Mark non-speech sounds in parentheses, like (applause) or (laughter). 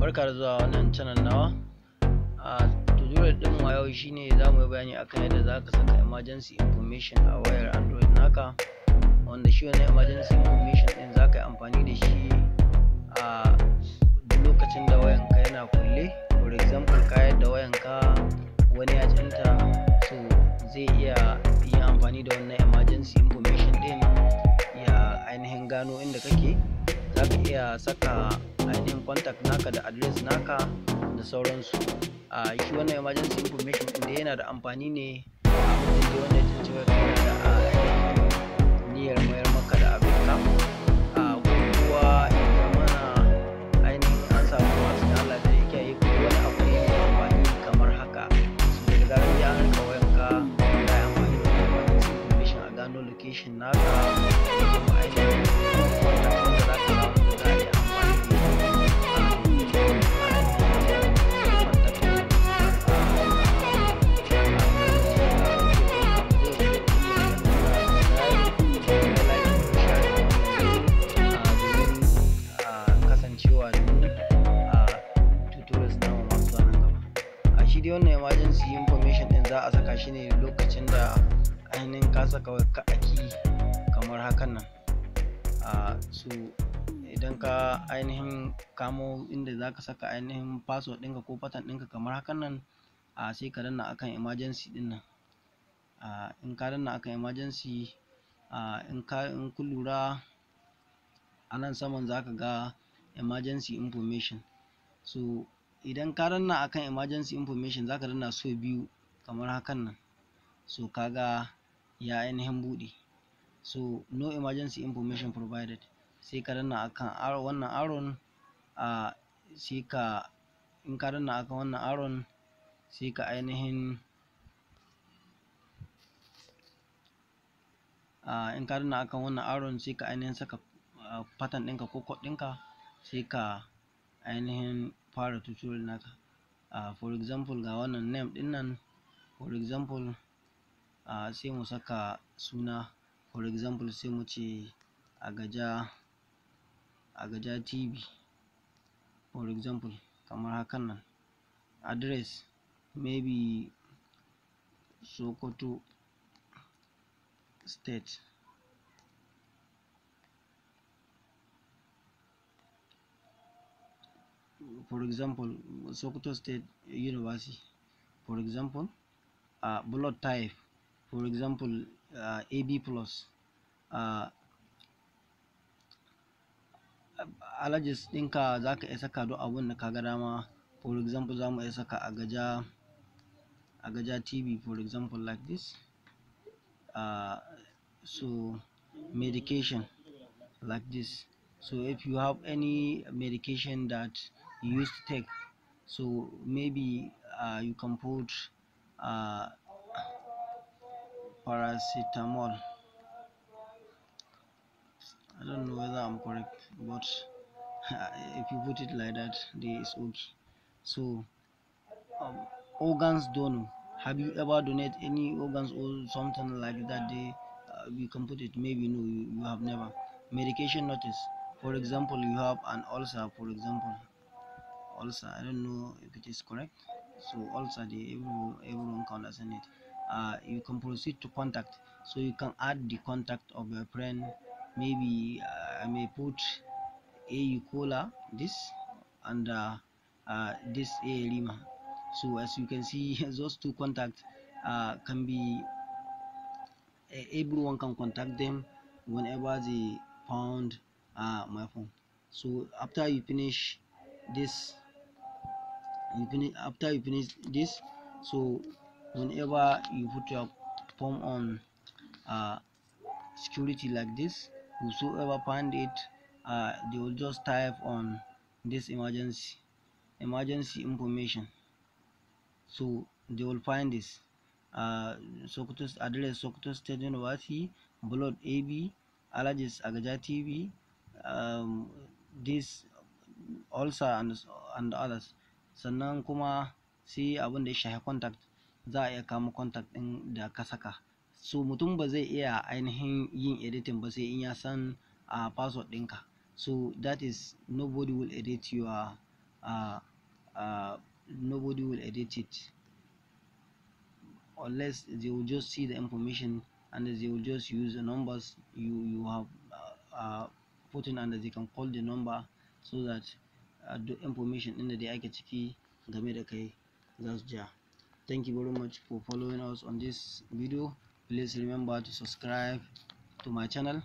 barka da zuwa wannan channel nawa a tutorial din mu yau shine za yi bayani akan yadda za ka saka emergency information a wayar android naka wanda shi wannan emergency information din za ka yi amfani da shi a lokacin da wayanka yana kulle for example ka yadda wayanka wani ya cinta so zai iya yin amfani da wannan emergency information din ya ainihin gano inda kake za ka iya saka contact naka da address naka da sauransu a shi wannan emergency information inda yana da amfani ne a mutum wanda ya cewa kana da niyyar mayar maka da abin ka a kuma ya mana ainihin an samu masu da da yake yi kuma wani abu ne mai amfani kamar haka su da zarar ya an kawai ka da amfani da emergency information a gano location naka shine lokacin da ainihin kasa ka saka kamar hakan nan a su idan ka ainihin kamo inda za ka saka ainihin password ɗinka ko fatan ɗinka kamar hakan nan a sai ka danna akan emergency ɗin nan a in ka danna akan emergency a in ka in ku lura a nan saman za ka ga emergency information so idan ka danna akan emergency information za ka danna so biyu kamar hakan nan so ka ga ya ainihin buɗe so no emergency information provided sai ka danna akan wannan aron a sai ka in ka danna akan wannan aron sai ka ainihin a in ka danna akan wannan aron sai ka ainihin saka pattern ɗinka ko code ɗinka sai ka ainihin fara tutorial naka uh, for example ga wannan name ɗin nan for example uh, sai mu saka suna for example sai mu ce agaja agaja tv for example kamar hakan nan address maybe sokoto state for example sokoto state university for example uh, blood type for example uh, AB plus uh, allergies ɗinka za ka iya saka duk abin da ka ga dama for example za mu iya saka agaja agaja TB for example like this uh, so medication like this so if you have any medication that you used to take so maybe uh, you can put paracetamol I don't know whether I'm correct but (laughs) if you put it like that there is okay so um, organs donor have you ever donated any organs or something like that they uh, you can put it maybe no you, you have never medication notice for example you have an ulcer for example ulcer i don't know if it is correct so also the everyone, everyone can understand it uh, you can proceed to contact so you can add the contact of your friend maybe uh, i may put a cola this and uh, uh, this a lima so as you can see (laughs) those two contacts uh, can be everyone can contact them whenever they found uh, my phone so after you finish this you finish after you finish this so whenever you put your form on uh, security like this whosoever find it uh, they will just type on this emergency emergency information so they will find this uh, Sokoto's address Sokoto State University blood AB allergies Agaja TV um, this ulcer and, and others sannan kuma sai abin da ya shafi contact za a iya kama contact ɗin da ka saka so mutum ba zai iya ainihin yin editing ba sai in ya san a password ɗinka so that is nobody will edit your uh, uh, nobody will edit it unless they will just see the information and they will just use the numbers you you have uh, uh, put in and they can call the number so that duk information ɗin da dai ake ciki game da kai za su ja thank you very much for following us on this video please remember to subscribe to my channel